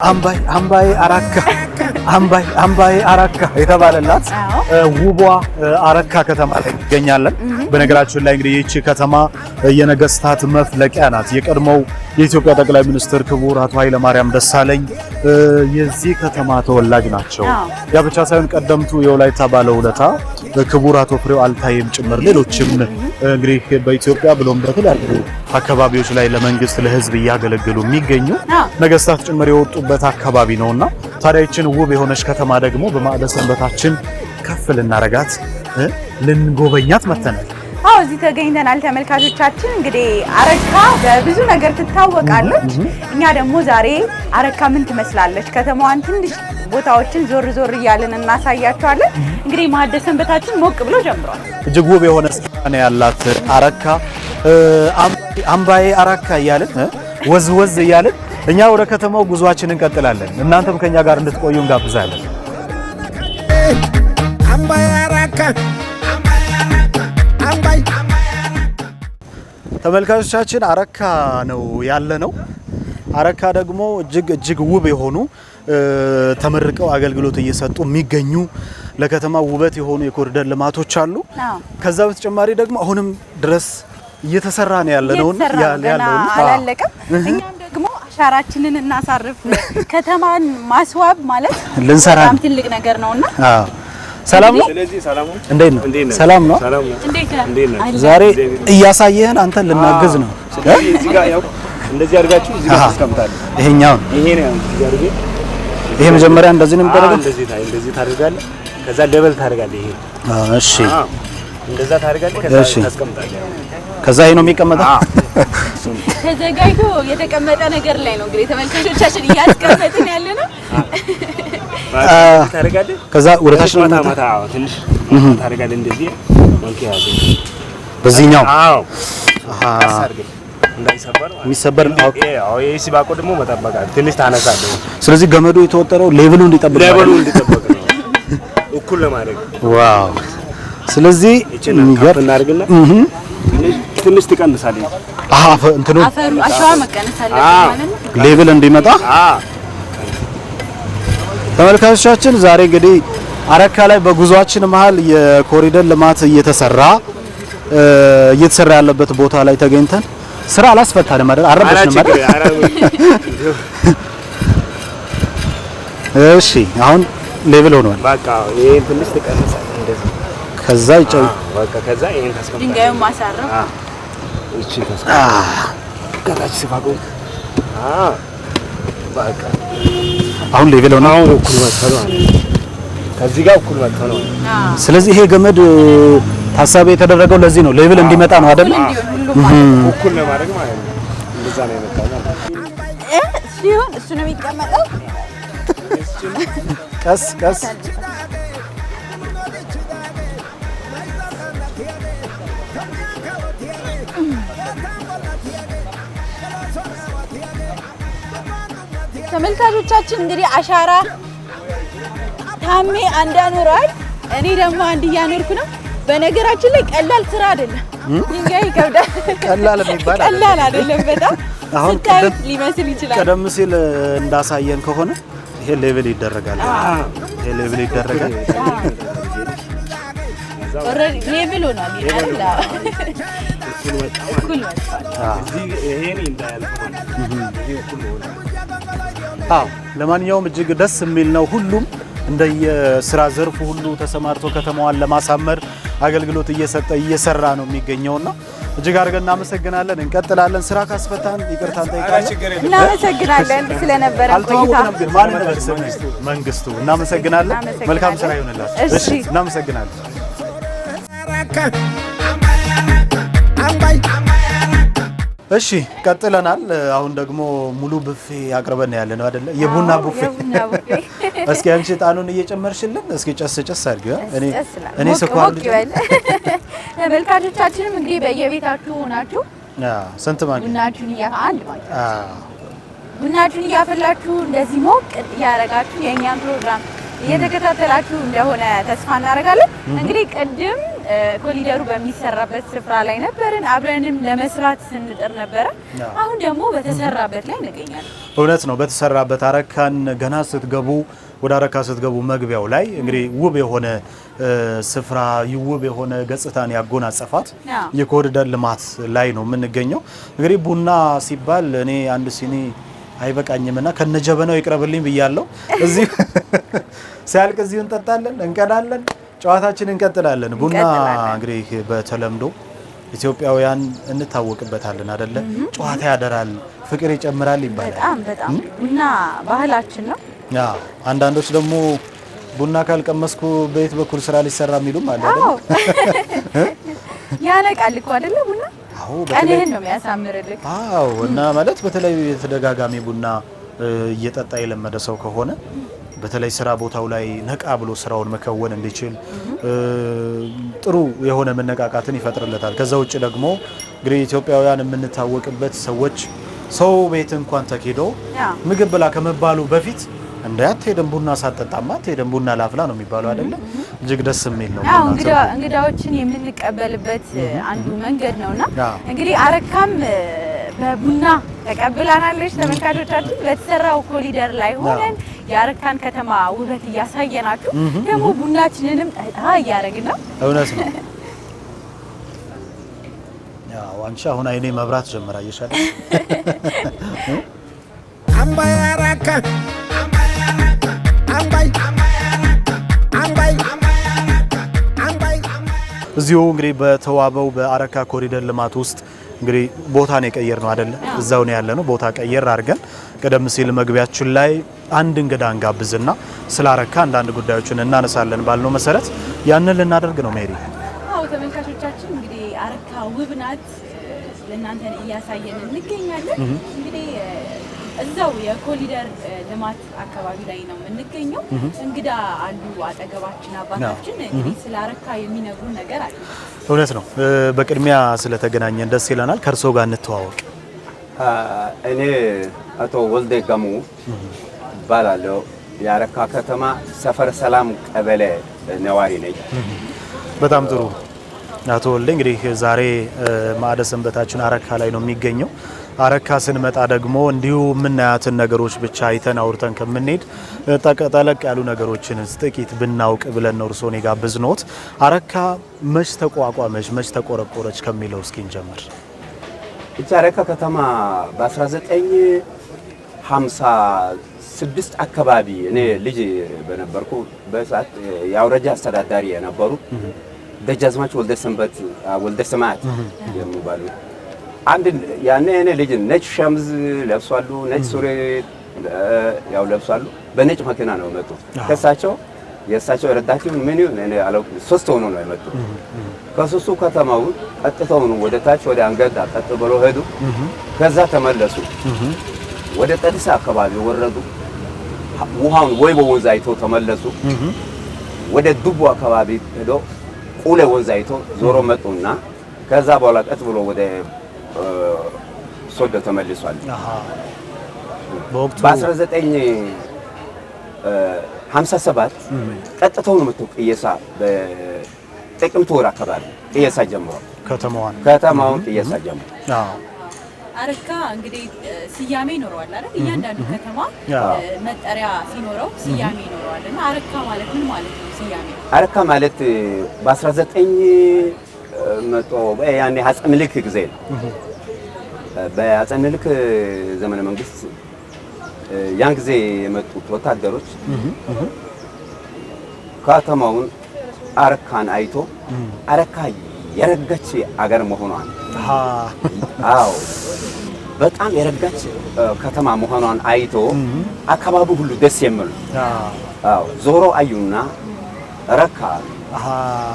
販売販売荒っか አምባይ አምባይ አረካ የተባለላት ውቧ አረካ ከተማ ላይ ይገኛለን። በነገራችን ላይ እንግዲህ ይቺ ከተማ የነገስታት መፍለቂያ ናት። የቀድሞው የኢትዮጵያ ጠቅላይ ሚኒስትር ክቡር አቶ ኃይለማርያም ደሳለኝ የዚህ ከተማ ተወላጅ ናቸው። ያ ብቻ ሳይሆን ቀደምቱ የወላይታ ባለውለታ ክቡር አቶ ፍሬው አልታይም ጭምር ሌሎችም እንግዲህ በኢትዮጵያ ብሎም በተለያዩ አካባቢዎች ላይ ለመንግስት ለህዝብ እያገለገሉ የሚገኙ ነገስታት ጭምር የወጡበት አካባቢ ነውና ታዲያ ይችን ውብ የሆነች ከተማ ደግሞ በማዕደ ሰንበታችን ከፍ ልናረጋት ልንጎበኛት መተናል። አዎ እዚህ ተገኝተናል። ተመልካቾቻችን እንግዲህ አረካ በብዙ ነገር ትታወቃለች። እኛ ደግሞ ዛሬ አረካ ምን ትመስላለች ከተማዋን ትንሽ ቦታዎችን ዞር ዞር እያለን እናሳያቸዋለን። እንግዲህ ማዕደ ሰንበታችን ሞቅ ብሎ ጀምሯል። እጅግ ውብ የሆነ ስነ ያላት አረካ አምባዬ አረካ እያልን ወዝወዝ እያልን እኛ ወደ ከተማው ጉዟችን እንቀጥላለን። እናንተም ከኛ ጋር እንድትቆዩ እንጋብዛለን። ተመልካቾቻችን አረካ ነው ያለ ነው። አረካ ደግሞ እጅግ እጅግ ውብ የሆኑ ተመርቀው አገልግሎት እየሰጡ የሚገኙ ለከተማ ውበት የሆኑ የኮሪደር ልማቶች አሉ። ከዛ በተጨማሪ ደግሞ አሁንም ድረስ እየተሰራ ነው ያለ ነው ሻራችንን እናሳርፍ። ከተማን ማስዋብ ማለት ልንሰራ በጣም ትልቅ ነገር ነውና፣ አዎ ሰላም ነው። ስለዚህ እንዴት ነው? ሰላም ነው። ነው? ዛሬ እያሳየህን አንተ ልናግዝ ነው። እዚህ ጋር ያው እንደዚህ አድርጋችሁ እዚህ ጋር ይሄኛው ነው። ይሄ ነው። እዚህ ይሄ መጀመሪያ እንደዚህ ነው የሚደረገው። እንደዚህ ታደርጋለህ፣ ከዛ ደበል ታደርጋለህ። ይሄ እሺ እንደዛ ታደርጋለህ። ከዛ ይሄ ነው የሚቀመጠው። ተዘጋጅቶ የተቀመጠ ነገር ላይ ነው እንግዲህ ተመልካቾቻችን እያስቀመጥን ያለ ነው። ታደርጋለህ። ከዛ ወደ ታች ነው ማታ ትንሽ ታደርጋለህ። እንደዚህ ወልክ ያዘ በዚህኛው። አዎ የሚሰበር ነው። ይሄ ሲባቆ ደግሞ መጠበቅ ትንሽ ታነሳለህ። ስለዚህ ገመዱ የተወጠረው ሌቭሉ እንዲጠብቅ ሌቭሉ እንዲጠብቅ ነው እኩል ለማድረግ ዋው ስለዚህ ትንሽ ትቀንሳለች። አፈ እንትኑ አፈሩ አሸዋ መቀነስ አለበት ሌቭል እንዲመጣ። ተመልካቾቻችን ዛሬ እንግዲህ አረካ ላይ በጉዟችን መሀል የኮሪደር ልማት እየተሰራ እየተሰራ ያለበት ቦታ ላይ ተገኝተን ስራ አላስፈታንም አይደል? አረበሽንም ነው። እሺ አሁን ሌቭል ሆኗል። በቃ ይሄን ትንሽ ትቀንሳለች እንደዚህ ከዛ ይጨው በቃ ከዛ ይሄን ታስቀምጣለህ። ድንጋዩን ማሳረፍ እቺ ታስቀምጣ ከታች አሁን ሌቬል ሆነ። አሁን እኩል መጥተህ ነው። ከዚህ ጋር እኩል መጥተህ ነው። ስለዚህ ይሄ ገመድ ታሳቢ የተደረገው ለዚህ ነው፣ ሌቬል እንዲመጣ ነው አይደል? እኩል ለማድረግ ማለት ነው። እንደዛ ነው የመጣው ማለት ነው። የሚቀመጠው ቀስ ቀስ ተመልካቾቻችን እንግዲህ አሻራ ታሜ አንዳኖራል። እኔ ደግሞ አንድ እያኖርኩ ነው። በነገራችን ላይ ቀላል ስራ አይደለም። ድንጋይ ይከብዳል። ቀላል የሚባል ቀላል አይደለም። በጣም አሁን ሊመስል ይችላል። ቀደም ሲል እንዳሳየን ከሆነ ይሄ ሌቭል ይደረጋል። ይሄ ሌቭል ይደረጋል። ሌቭል ሆኗል። እኩል ወጣ ለማንኛውም እጅግ ደስ የሚል ነው። ሁሉም እንደየስራ ዘርፉ ሁሉ ተሰማርቶ ከተማዋን ለማሳመር አገልግሎት እየሰጠ እየሰራ ነው የሚገኘውና እጅግ አድርገን እናመሰግናለን። እንቀጥላለን። ስራ ካስፈታን ይቅርታ እንጠይቃለን። እናመሰግናለን ስለነበረ አልተዋወቅንም፣ ግን ማን መንግስቱ። እናመሰግናለን። መልካም ስራ ይሆንላችሁ። እሺ፣ እናመሰግናለን። እሺ ቀጥለናል። አሁን ደግሞ ሙሉ ቡፌ አቅርበን ያለ ነው አይደለ? የቡና ቡፌ። እስኪ አንቺ ጣኑን እየጨመርሽልን እስኪ ጨስ ጨስ አድርጊው። እኔ እኔ ስኳር ልጅ ተመልካቾቻችንም እንግዲህ በየቤታችሁ ሆናችሁ አዎ፣ ስንት ማለት ቡናችሁን አንድ ማለት ቡናችሁን እያፈላችሁ እንደዚህ ሞቅ እያረጋችሁ የእኛን ፕሮግራም እየተከታተላችሁ እንደሆነ ተስፋ እናደርጋለን። እንግዲህ ቅድም ኮሊደሩ በሚሰራበት ስፍራ ላይ ነበርን። አብረንም ለመስራት ስንጥር ነበረ። አሁን ደግሞ በተሰራበት ላይ እንገኛለን። እውነት ነው፣ በተሰራበት አረካን ገና ስትገቡ ወደ አረካ ስትገቡ መግቢያው ላይ እንግዲህ ውብ የሆነ ስፍራ ውብ የሆነ ገጽታን ያጎናጸፋት የኮሪደር ልማት ላይ ነው የምንገኘው። እንግዲህ ቡና ሲባል እኔ አንድ ሲኒ አይበቃኝም እና ከነጀበናው ይቅረብልኝ ብያለሁ። እዚህ ሲያልቅ እዚሁ እንጠጣለን፣ እንቀዳለን። ጨዋታችን እንቀጥላለን። ቡና እንግዲህ በተለምዶ ኢትዮጵያውያን እንታወቅበታለን አደለ? ጨዋታ ያደራል፣ ፍቅር ይጨምራል ይባላል። በጣም በጣም ቡና ባህላችን ነው። አንዳንዶች ደግሞ ቡና ካልቀመስኩ በየት በኩል ስራ ሊሰራ የሚሉም አለ አይደል? ያነቃል እኮ አይደለ? ቡና ቀንህን ነው የሚያሳምርልህ። አዎ። እና ማለት በተለይ የተደጋጋሚ ቡና እየጠጣ የለመደ ሰው ከሆነ በተለይ ስራ ቦታው ላይ ነቃ ብሎ ስራውን መከወን እንዲችል ጥሩ የሆነ መነቃቃትን ይፈጥርለታል። ከዛ ውጭ ደግሞ እንግዲህ ኢትዮጵያውያን የምንታወቅበት ሰዎች ሰው ቤት እንኳን ተኪዶ ምግብ ብላ ከመባሉ በፊት እንዳያት ሄደን ቡና ሳጠጣማ ሄደን ቡና ላፍላ ነው የሚባለው አይደለ? እጅግ ደስ የሚል ነው። እንግዳዎችን የምንቀበልበት አንዱ መንገድ ነውና እንግዲህ አረካም በቡና ተቀብላናለች። ተመልካቾቻችን በተሰራው ኮሪደር ላይ ሆነን የአረካን ከተማ ውበት እያሳየናችሁ ደግሞ ቡናችንንም ጠጣ እያደረግን ነው። እውነት ነው። ዋንሻ አሁን አይኔ መብራት ጀምራ እየሻለ አምባይ እዚሁ እንግዲህ በተዋበው በአረካ ኮሪደር ልማት ውስጥ እንግዲህ ነው የቀየር ነው አደለ? እዛው ነው ያለ ነው። ቦታ ቀየር አድርገን ቀደም ሲል መግቢያችን ላይ አንድ እንግዳ እንጋብዝና ስላረካ አንዳንድ ጉዳዮችን እናነሳለን ባልነው መሰረት ያንን ልናደርግ ነው። ሜሪ አዎ፣ ተመልካቾቻችን እንግዲህ አረካ ውብ ናት፣ ለእናንተን እያሳየን እንገኛለን። እንግዲህ እዛው የኮሊደር ልማት አካባቢ ላይ ነው የምንገኘው። እንግዳ አሉ አጠገባችን አባታችን እንግዲህ ስለ የሚነግሩ ነገር አለ። እውነት ነው። በቅድሚያ ስለተገናኘን ደስ ይለናል። ከእርስዎ ጋር እንተዋወቅ። እኔ አቶ ወልዴ ገሙ እባላለሁ። የአረካ ከተማ ሰፈር ሰላም ቀበሌ ነዋሪ ነኝ። በጣም ጥሩ አቶ ወልዴ፣ እንግዲህ ዛሬ ማዕደ ሰንበታችን አረካ ላይ ነው የሚገኘው። አረካ ስንመጣ ደግሞ እንዲሁ የምናያትን ነገሮች ብቻ አይተን አውርተን ከምንሄድ ጠለቅ ያሉ ነገሮችን ጥቂት ብናውቅ ብለን ነው እርስዎን የጋበዝ አረካ መች ተቋቋመች፣ መች ተቆረቆረች ከሚለው እስኪ እንጀምር። እቺ አረካ ከተማ በ 1950 ስድስት አካባቢ እኔ ልጅ በነበርኩ በሰዓት የአውረጃ አስተዳዳሪ የነበሩ ደጃዝማች ወልደ ሰንበት ወልደ ስማት የሚባሉ አንድ ያኔ እኔ ልጅ ነጭ ሸምዝ ለብሷሉ፣ ነጭ ሱሪ ያው ለብሷሉ። በነጭ መኪና ነው የመጡ ከሳቸው የእሳቸው ረዳቸውን ምን ይሁን እኔ አላውቅም። ሶስት ሆኖ ነው የመጡ። ከሶስቱ ከተማው ቀጥተው ነው ወደ ታች ወደ አንገት ቀጥ ብሎ ሄዱ። ከዛ ተመለሱ፣ ወደ ጠዲሳ አካባቢ ወረዱ። ውሃውን ወይ በወንዝ አይቶ ተመለሱ። ወደ ዱቡ አካባቢ ሄዶ ቁለ ወንዝ አይቶ ዞሮ መጡና ከዛ በኋላ ቀጥ ብሎ ወደ ሶዶ ተመልሷል። በ1957 ቀጥታውን መጥቶ ቅየሳ በጥቅምት ወር አካባቢ ቅየሳ ጀምሯል። ከተማዋን ቅየሳ ጀምሯል። አረካ እንግዲህ ስያሜ ይኖረዋል አይደል? እያንዳንዱ ከተማ መጠሪያ ሲኖረው ስያሜ ይኖረዋል። እና አረካ ማለት ምን ማለት ነው? ስያሜ አረካ ማለት በ19 ያኔ አፄ ምኒልክ ጊዜ ነው። በአፄ ምኒልክ ዘመነ መንግስት ያን ጊዜ የመጡት ወታደሮች ከተማውን አረካን አይቶ አረካ የረጋች አገር መሆኗን አዎ በጣም የረጋች ከተማ መሆኗን አይቶ አካባቢ ሁሉ ደስ የሚል አዎ ዞሮ አዩና ረካ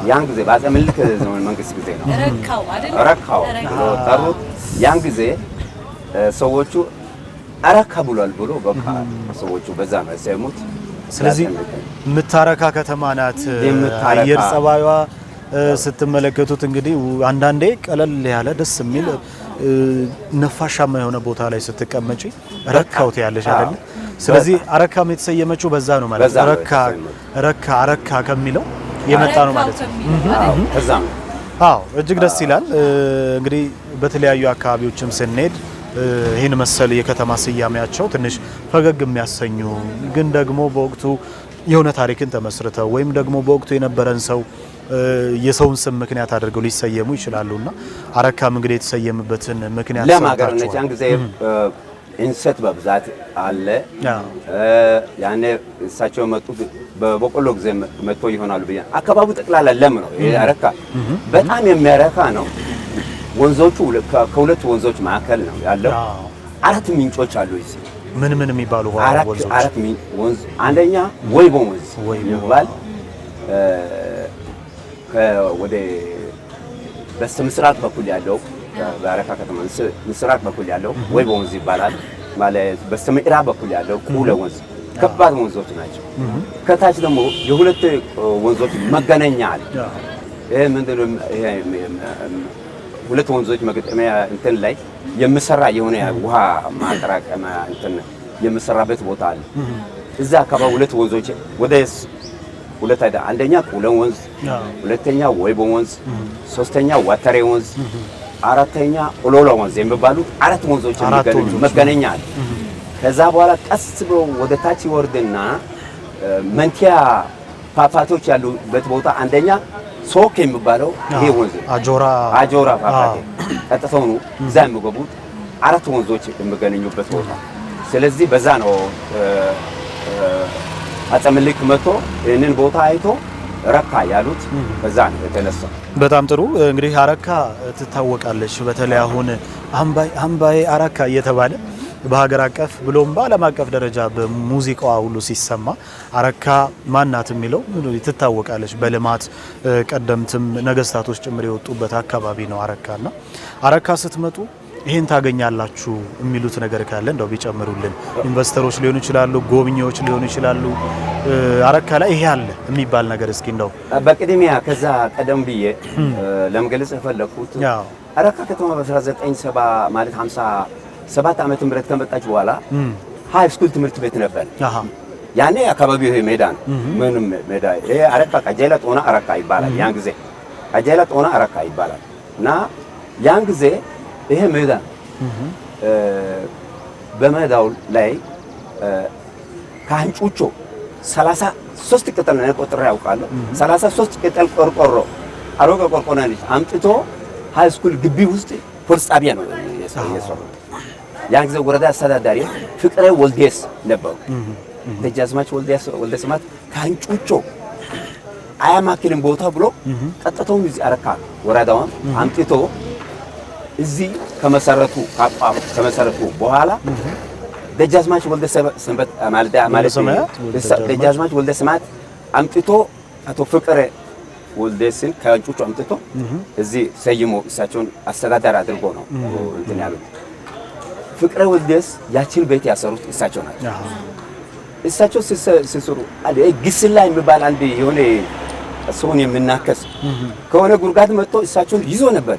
ያን ጊዜ በአፄ ምኒልክ ዘመን መንግስት ጊዜ ነው ረካው አይደል ብሎ ጠሩት። ያን ጊዜ ሰዎቹ አረካ ብሏል ብሎ በቃ ሰዎቹ በዛ ነው የሰሙት። ስለዚህ የምታረካ ከተማ ናት። አየር ጸባዩዋ ስትመለከቱት እንግዲህ አንዳንዴ ቀለል ያለ ደስ የሚል ነፋሻማ የሆነ ቦታ ላይ ስትቀመጪ ረካውት ያለሽ አይደል። ስለዚህ አረካም የተሰየመችው በዛ ነው ማለት ነው። ረካ ረካ አረካ ከሚለው የመጣ ነው ማለት ነው። አዎ እጅግ ደስ ይላል። እንግዲህ በተለያዩ አካባቢዎችም ስንሄድ ይህን መሰል የከተማ ስያሜያቸው ትንሽ ፈገግ የሚያሰኙ ግን ደግሞ በወቅቱ የሆነ ታሪክን ተመስርተው ወይም ደግሞ በወቅቱ የነበረን ሰው የሰውን ስም ምክንያት አድርገው ሊሰየሙ ይችላሉና አረካም እንግዲህ የተሰየምበትን ምክንያት ለማገር ነች። ያን ጊዜ እንሰት በብዛት አለ። ያኔ እሳቸው መጡ በበቆሎ ጊዜ መጥቶ ይሆናሉ ብዬ አካባቢው ጠቅላላ ለም ነው። አረካ በጣም የሚያረካ ነው። ወንዞቹ ከሁለት ወንዞች መካከል ነው ያለው። አራት ምንጮች አሉ እዚህ። ምን ምን የሚባሉ አራት ወንዞች? አንደኛ ወይቦ ወንዝ ወይቦ የሚባል ወደ በስተ ምስራቅ በኩል ያለው በአረካ ከተማ ምስራቅ በኩል ያለው ወይ በወንዝ ይባላል ማለት በስተ ምዕራብ በኩል ያለው ቁለ ወንዝ ከባድ ወንዞች ናቸው። ከታች ደግሞ የሁለት ወንዞች መገናኛ አለ። ይሄ ምንድነው? ይሄ ሁለት ወንዞች መገጠሚያ እንትን ላይ የምሰራ የሆነ ውሃ ማጠራቀሚያ እንትን የምሰራበት ቦታ አለ። እዛ አካባቢ ሁለት ወንዞች ወደ ሁለት አይደ አንደኛ ቁለን ወንዝ፣ ሁለተኛ ወይቦ ወንዝ፣ ሶስተኛ ዋተሬ ወንዝ፣ አራተኛ ኦሎሎ ወንዝ የሚባሉ አራት ወንዞች የሚገናኙ መገነኛ አለ። ከዛ በኋላ ቀስ ብሎ ወደ ታች ይወርድና መንቲያ ፏፏቴዎች ያሉበት ቦታ አንደኛ ሶክ የሚባለው ይሄ ወንዝ አጆራ አጆራ ፏፏቴ ቀጥተው ነው እዛ የሚገቡት አራት ወንዞች የሚገናኙበት ቦታ። ስለዚህ በዛ ነው አፄ ምኒልክ መጥቶ ይህንን ቦታ አይቶ ረካ ያሉት በዛ ነው የተነሳው። በጣም ጥሩ እንግዲህ አረካ ትታወቃለች። በተለይ አሁን አምባይ አምባይ አረካ እየተባለ በሀገር አቀፍ ብሎም በዓለም አቀፍ ደረጃ በሙዚቃዋ ሁሉ ሲሰማ አረካ ማናት የሚለው ትታወቃለች። በልማት ቀደምትም ነገስታቶች ጭምር የወጡበት አካባቢ ነው አረካና አረካ ስትመጡ ይህን ታገኛላችሁ የሚሉት ነገር ካለ እንደው ቢጨምሩልን። ኢንቨስተሮች ሊሆኑ ይችላሉ፣ ጎብኚዎች ሊሆኑ ይችላሉ። አረካ ላይ ይሄ አለ የሚባል ነገር እስኪ እንደው በቅድሚያ ከዛ ቀደም ብዬ ለመግለጽ የፈለኩት አረካ ከተማ በ1970 ማለት 57 ዓመተ ምህረት ከመጣች በኋላ ሀይ ስኩል ትምህርት ቤት ነበር። ያኔ አካባቢው ይሄ ሜዳ ነው። ምንም ሜዳ ይሄ አረካ ቀጀላ ጦና አረካ ይባላል። ያን ጊዜ ቀጀላ ጦና አረካ ይባላል እና ያን ጊዜ ይሄ ምህዳ ነው። ላይ ከአንጩቾ 33 ቅጠል ነው ቆጥሬ ያውቃለሁ። 33 ቅጠል ቆርቆሮ አሮጌ ቆርቆሮ ነች አምጥቶ ሃይ ስኩል ግቢ ውስጥ ፖሊስ ጣቢያ ነው የሰሩት። ያን ጊዜ ወረዳ አስተዳዳሪ ፍቅሬ ወልዴስ ነበሩ። ደጃዝማች ወልዴስ ማለት ከአንጩቾ አያማክልም ቦታ ብሎ ጠጥተውን እዚህ አረካ ወረዳውን አምጥቶ እዚህ ከመሰረቱ ካቋም ከመሰረቱ በኋላ ደጃዝማች ወልደ ሰንበት ማለት ማለት ደጃዝማች ወልደ ስምዓት አምጥቶ አቶ ፍቅረ ወልደስን ከእንጮቹ አምጥቶ እዚህ ሰይሞ እሳቸውን አስተዳዳሪ አድርጎ ነው እንትን ያሉት። ፍቅረ ወልደስ ያችን ቤት ያሰሩት እሳቸው ናቸው። እሳቸው ሲሰሩ ግስላ የሚባል አንድ የሆነ እሱን የምናከስ ከሆነ ጉርጋት መጥቶ እሳቸውን ይዞ ነበር።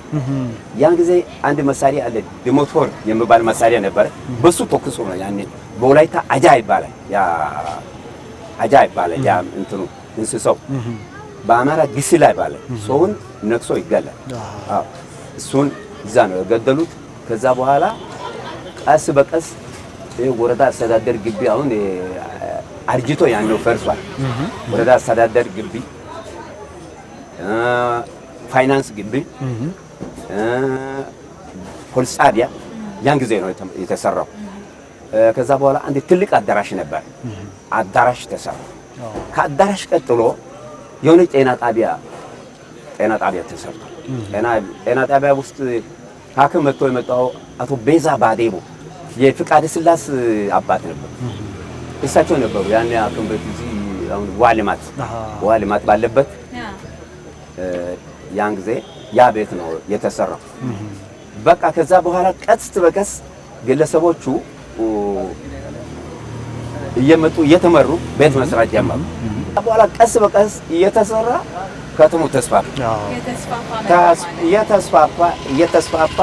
ያን ጊዜ አንድ መሳሪያ አለ ዲሞቶር የሚባል መሳሪያ ነበር። በሱ ተኩሶ ነው ያኔ በወላይታ አጃ ይባላል። ያ አጃ ይባላል። ያ እንትኑ እንስሳው በአማራ ግስላ ይባላል። ሰውን ነክሶ ይገላል። አዎ እሱን እዛ ነው የገደሉት። ከዛ በኋላ ቀስ በቀስ ወረዳ አስተዳደር ግቢ አሁን አርጅቶ ነው ፈርሷል። ወረዳ አስተዳደር ግቢ ፋይናንስ ግቢ፣ ፖሊስ ጣቢያ ያን ጊዜ ነው የተሰራው። ከዛ በኋላ አንድ ትልቅ አዳራሽ ነበር። አዳራሽ ተሰራ። ከአዳራሽ ቀጥሎ የሆነ ጤና ጣቢያ ጤና ጣቢያ ተሰርቷል። ጤና ጣቢያ ውስጥ ሐኪም መጥቶ የመጣው አቶ ቤዛ ባዴቦ የፍቃደ ስላስ አባት ነበሩ። እሳቸው ነበሩ ያን ሐኪም ቤት እዚህ ዋልማት ዋልማት ባለበት ያን ጊዜ ያ ቤት ነው የተሰራው። በቃ ከዛ በኋላ ቀስት በቀስ ግለሰቦቹ እየመጡ እየተመሩ ቤት መስራት ጀመሩ። በኋላ ቀስ በቀስ እየተሰራ ከተሙ ተስፋፋ እየተስፋፋ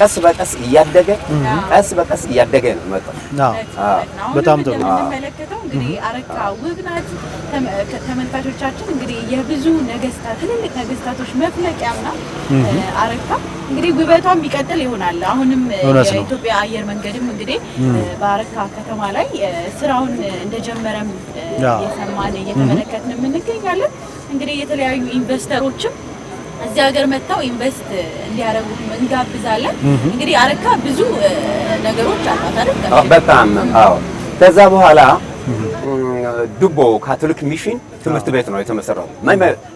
ቀስ በቀስ እያደገ ቀስ በቀስ እያደገ ነው መጣው። በጣም ጥሩ የምንመለከተው እንግዲህ አረካ ውብ ናት። ተመልካቾቻችን እንግዲህ የብዙ ነገስታት ትልልቅ ነገስታቶች መፍለቂያም ናት አረካ። እንግዲህ ውበቷም ይቀጥል ይሆናል። አሁንም የኢትዮጵያ አየር መንገድም እንግዲህ በአረካ ከተማ ላይ ስራውን እንደጀመረም እየሰማን እየተመለከትን እንገኛለን። እንግዲህ የተለያዩ ኢንቨስተሮችም እዚህ ሀገር መጥተው ኢንቨስት እንዲያደርጉ እንጋብዛለን። እንግዲህ አረካ ብዙ ነገሮች አሏት አይደል? በጣም አዎ። ከዛ በኋላ ዱቦ ካቶሊክ ሚሽን ትምህርት ቤት ነው የተመሰረቱ።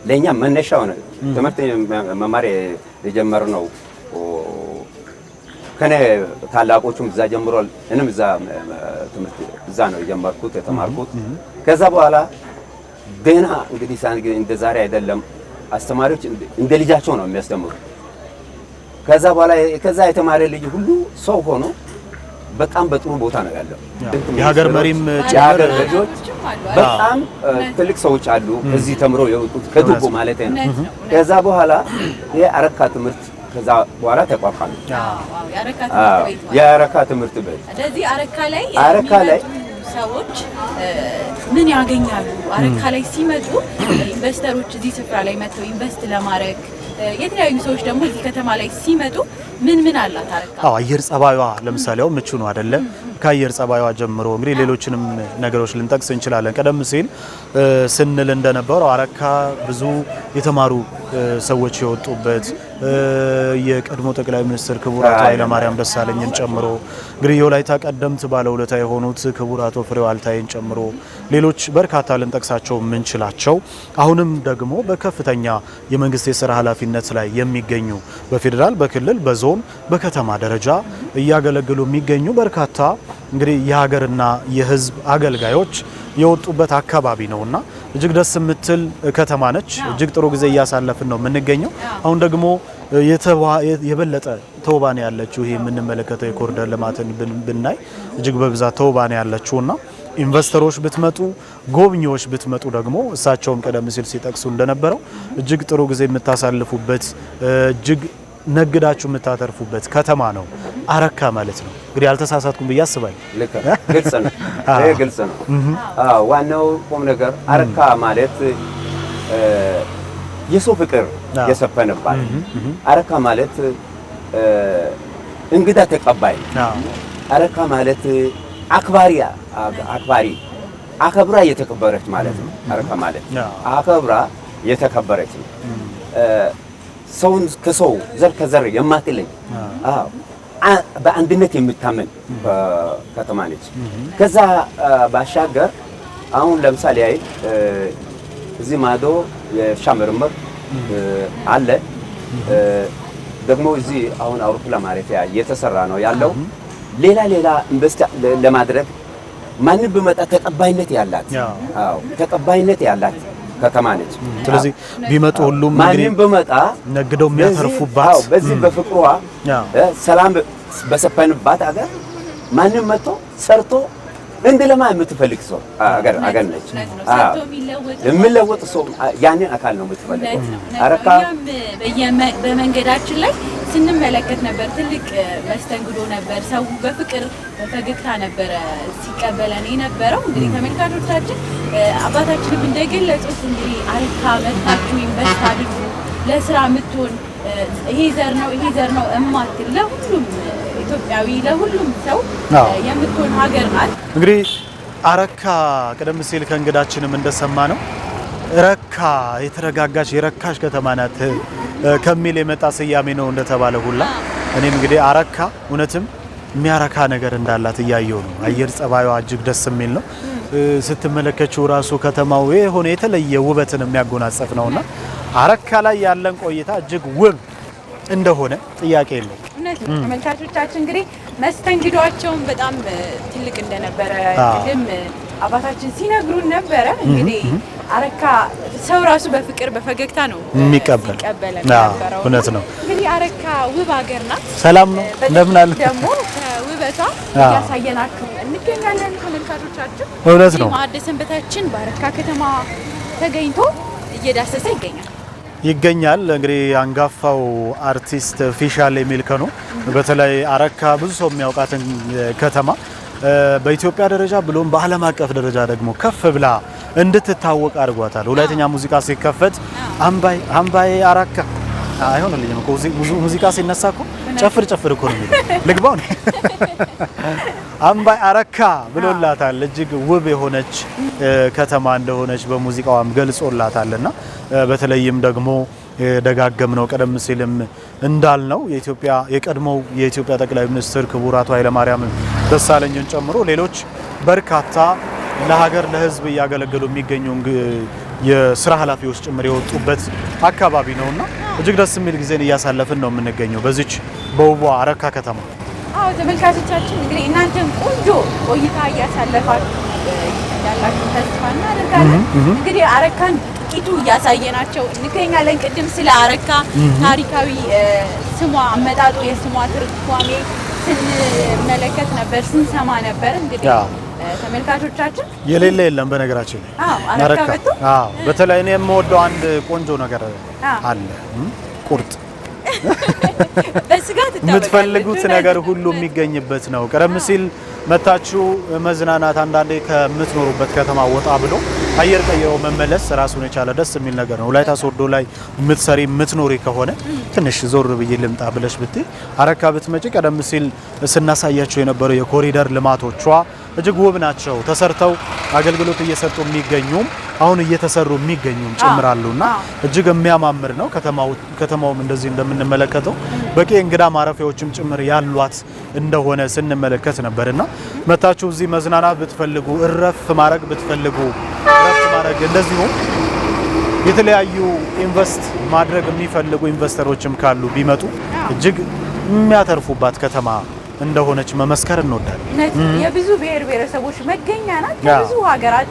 ለእኛ መነሻ ሆነ ትምህርት መማር የጀመርነው ከኔ ታላቆቹም እዛ ጀምሯል። እንም እዛ ትምህርት እዛ ነው የጀመርኩት የተማርኩት። ከዛ በኋላ ገና እንግዲህ እንደ ዛሬ አይደለም አስተማሪዎች እንደ ልጃቸው ነው የሚያስተምሩ። ከዛ በኋላ ከዛ የተማረ ልጅ ሁሉ ሰው ሆኖ በጣም በጥሩ ቦታ ነው ያለው። የሀገር መሪም የሀገር ልጆች በጣም ትልቅ ሰዎች አሉ እዚህ ተምሮ የወጡት ከድርጎ ማለት ነው። ከዛ በኋላ ይሄ አረካ ትምህርት ከዛ በኋላ ተቋቋመ የአረካ ትምህርት ቤት አረካ ላይ ሰዎች ምን ያገኛሉ? አረካ ላይ ሲመጡ ኢንቨስተሮች እዚህ ስፍራ ላይ መጥተው ኢንቨስት ለማድረግ የተለያዩ ሰዎች ደግሞ እዚህ ከተማ ላይ ሲመጡ ምን ምን አላት አረካ? አየር ጸባዩዋ ለምሳሌ ምቹ ነው አይደለም? ከአየር ጸባይዋ ጀምሮ እንግዲህ ሌሎችንም ነገሮች ልንጠቅስ እንችላለን። ቀደም ሲል ስንል እንደነበረው አረካ ብዙ የተማሩ ሰዎች የወጡበት የቀድሞ ጠቅላይ ሚኒስትር ክቡር አቶ ኃይለማርያም ደሳለኝን ጨምሮ እንግዲህ የወላይታ ቀደምት ባለውለታ የሆኑት ክቡር አቶ ፍሬው አልታይን ጨምሮ ሌሎች በርካታ ልንጠቅሳቸው የምንችላቸው አሁንም ደግሞ በከፍተኛ የመንግስት የስራ ኃላፊነት ላይ የሚገኙ በፌዴራል፣ በክልል፣ በዞን፣ በከተማ ደረጃ እያገለግሉ የሚገኙ በርካታ እንግዲህ የሀገርና የህዝብ አገልጋዮች የወጡበት አካባቢ ነውና እጅግ ደስ የምትል ከተማ ነች። እጅግ ጥሩ ጊዜ እያሳለፍን ነው የምንገኘው። አሁን ደግሞ የበለጠ ተውባን ያለችው ይሄ የምንመለከተው የኮሪደር ልማትን ብናይ እጅግ በብዛት ተውባን ያለችውና ኢንቨስተሮች ብትመጡ ጎብኚዎች ብትመጡ ደግሞ እሳቸውም ቀደም ሲል ሲጠቅሱ እንደነበረው እጅግ ጥሩ ጊዜ የምታሳልፉበት እጅግ ነግዳችሁ የምታተርፉበት ከተማ ነው። አረካ ማለት ነው። እንግዲህ አልተሳሳትኩም ብዬ አስባለሁ። ግልጽ ነው፣ ግልጽ ነው። ዋናው ቁም ነገር አረካ ማለት የሰው ፍቅር የሰፈነባት አረካ ማለት እንግዳ ተቀባይ፣ አረካ ማለት አክባሪያ አክባሪ አከብራ የተከበረች ማለት ነው። አረካ ማለት አከብራ የተከበረች ነው። ሰውን ከሰው ዘር ከዘር የማትለኝ በአንድነት የምታመን ከተማ ነች። ከዛ ባሻገር አሁን ለምሳሌ አይ እዚህ ማዶ የእርሻ ምርምር አለ። ደግሞ እዚህ አሁን አውሮፕላን ማረፊያ እየተሰራ ነው ያለው። ሌላ ሌላ ኢንቨስት ለማድረግ ማንም ብመጣ ተቀባይነት ያላት አዎ ተቀባይነት ያላት ከተማ ነች። ስለዚህ ቢመጡ ሁሉም ማንም ብመጣ ነግደው የሚያተርፉባት በዚህ በፍቅሯ ሰላም በሰፈንባት አገር ማንም መጥቶ ሰርቶ እንድለማ የምትፈልግ ሰው አገር አገር ነች። የሚለወጥ ሰው ያንን አካል ነው የምትፈልገው። አረካ በመንገዳችን ላይ ስንመለከት ነበር። ትልቅ መስተንግዶ ነበር። ሰው በፍቅር በፈገግታ ነበረ ሲቀበለን የነበረው። እንግዲህ ተመልካቾቻችን አባታችንም እንደገለጹት እንግዲህ አረካ መታችሁ ኢንቨስት አድርጉ፣ ለስራ የምትሆን ይሄ ዘር ነው ይሄ ዘር ነው እማትል ለሁሉም ለኢትዮጵያዊ ለሁሉም ሰው የምትሆን ሀገር ናት። እንግዲህ አረካ ቀደም ሲል ከእንግዳችንም እንደሰማ ነው ረካ የተረጋጋች የረካሽ ከተማ ናት ከሚል የመጣ ስያሜ ነው እንደተባለ ሁላ እኔም እንግዲህ አረካ እውነትም የሚያረካ ነገር እንዳላት እያየው ነው። አየር ጸባዩ እጅግ ደስ የሚል ነው። ስትመለከችው ራሱ ከተማው የሆነ የተለየ ውበትን የሚያጎናጸፍ ነውና አረካ ላይ ያለን ቆይታ እጅግ ውብ እንደሆነ ጥያቄ የለውም። እውነት ነው። ተመልካቾቻችን እንግዲህ መስተንግዷቸውን በጣም ትልቅ እንደነበረ ቅድም አባታችን ሲነግሩን ነበረ። እንግዲህ አረካ ሰው ራሱ በፍቅር በፈገግታ ነው የሚቀበል ነበረው። እውነት ነው። እንግዲህ አረካ ውብ ሀገር ናት። ሰላም ነው። እንደምን አለ ደግሞ ከውበቷ እያሳየናችሁ እንገኛለን ተመልካቾቻችን። እውነት ነው። አደሰንበታችን በአረካ ከተማ ተገኝቶ እየዳሰሰ ይገኛል። ይገኛል። እንግዲህ አንጋፋው አርቲስት ፊሻሌ ነው። በተለይ አረካ ብዙ ሰው የሚያውቃትን ከተማ በኢትዮጵያ ደረጃ ብሎም በዓለም አቀፍ ደረጃ ደግሞ ከፍ ብላ እንድትታወቅ አድርጓታል። ሁለተኛ ሙዚቃ ሲከፈት አምባይ አምባይ አረካ አይሆንልኝም ሙዚቃ ሲነሳ እኮ ጨፍር ጨፍር እኮ ነው ልግባው አምባይ አረካ ብሎላታል። እጅግ ውብ የሆነች ከተማ እንደሆነች በሙዚቃዋም ገልጾላታልና በተለይም ደግሞ ደጋገም ነው ቀደም ሲልም እንዳልነው የኢትዮጵያ የቀድሞው የኢትዮጵያ ጠቅላይ ሚኒስትር ክቡር አቶ ኃይለማርያም ደሳለኝን ጨምሮ ሌሎች በርካታ ለሀገር ለሕዝብ እያገለገሉ የሚገኙ የስራ ኃላፊዎች ጭምር የወጡበት አካባቢ ነውና እጅግ ደስ የሚል ጊዜን እያሳለፍን ነው የምንገኘው በዚች በውቧ አረካ ከተማ። አዎ ተመልካቾቻችን እንግዲህ እናንተን ቆንጆ ቆይታ እያሳለፋችሁ ያላችሁ ተስፋ እናደርጋለን። እንግዲህ አረካን ጥቂቱ እያሳየናቸው እንገኛለን። ቅድም ስለ አረካ ታሪካዊ ስሟ አመጣጡ፣ የስሟ ትርጓሜ ስንመለከት ነበር፣ ስንሰማ ነበር እንግዲህ ተመልካቾቻችን የሌለ የለም። በነገራችን አረካ በተለይ እኔ የምወደው አንድ ቆንጆ ነገር አለ፣ ቁርጥ የምትፈልጉት ነገር ሁሉ የሚገኝበት ነው። ቀደም ሲል መታችሁ መዝናናት፣ አንዳንዴ ከምትኖሩበት ከተማ ወጣ ብሎ አየር ቀይሮ መመለስ ራሱን የቻለ ደስ የሚል ነገር ነው። ወላይታ ሶዶ ላይ የምትሰሪ የምትኖሪ ከሆነ ትንሽ ዞር ብዬ ልምጣ ብለሽ ብትይ አረካ ብትመጪ ቀደም ሲል ስናሳያቸው የነበረው የኮሪደር ልማቶቿ እጅግ ውብ ናቸው። ተሰርተው አገልግሎት እየሰጡ የሚገኙም አሁን እየተሰሩ የሚገኙም ጭምራሉና እጅግ የሚያማምር ነው። ከተማውም እንደዚህ እንደምንመለከተው በቂ እንግዳ ማረፊያዎችም ጭምር ያሏት እንደሆነ ስንመለከት ነበርና መታችሁ እዚህ መዝናናት ብትፈልጉ፣ እረፍ ማድረግ ብትፈልጉ እረፍ ማድረግ እንደዚሁም የተለያዩ ኢንቨስት ማድረግ የሚፈልጉ ኢንቨስተሮችም ካሉ ቢመጡ እጅግ የሚያተርፉባት ከተማ እንደሆነች መመስከር እንወዳለን። የብዙ ብሔር ብሔረሰቦች መገኛ ናት። ከብዙ ሀገራት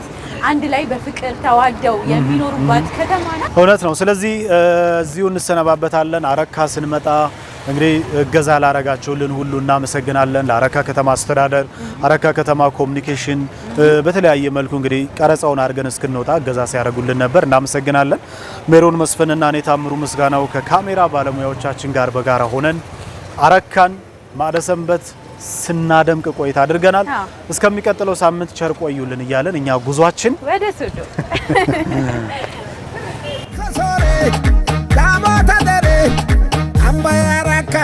አንድ ላይ በፍቅር ተዋደው የሚኖሩባት ከተማ ናት። እውነት ነው። ስለዚህ እዚሁ እንሰነባበታለን። አረካ ስንመጣ እንግዲህ እገዛ ላረጋችሁልን ሁሉ እናመሰግናለን። ለአረካ ከተማ አስተዳደር፣ አረካ ከተማ ኮሚኒኬሽን በተለያየ መልኩ እንግዲህ ቀረጻውን አድርገን እስክንወጣ እገዛ ሲያደርጉልን ነበር። እናመሰግናለን። ሜሮን መስፍንና እኔ ታምሩ ምስጋናው ከካሜራ ባለሙያዎቻችን ጋር በጋራ ሆነን አረካን ማደሰንበት ስናደምቅ ቆይታ አድርገናል። እስከሚቀጥለው ሳምንት ቸር ቆዩልን እያለን እኛ ጉዟችን ወደ ሱዱ አምባያራካ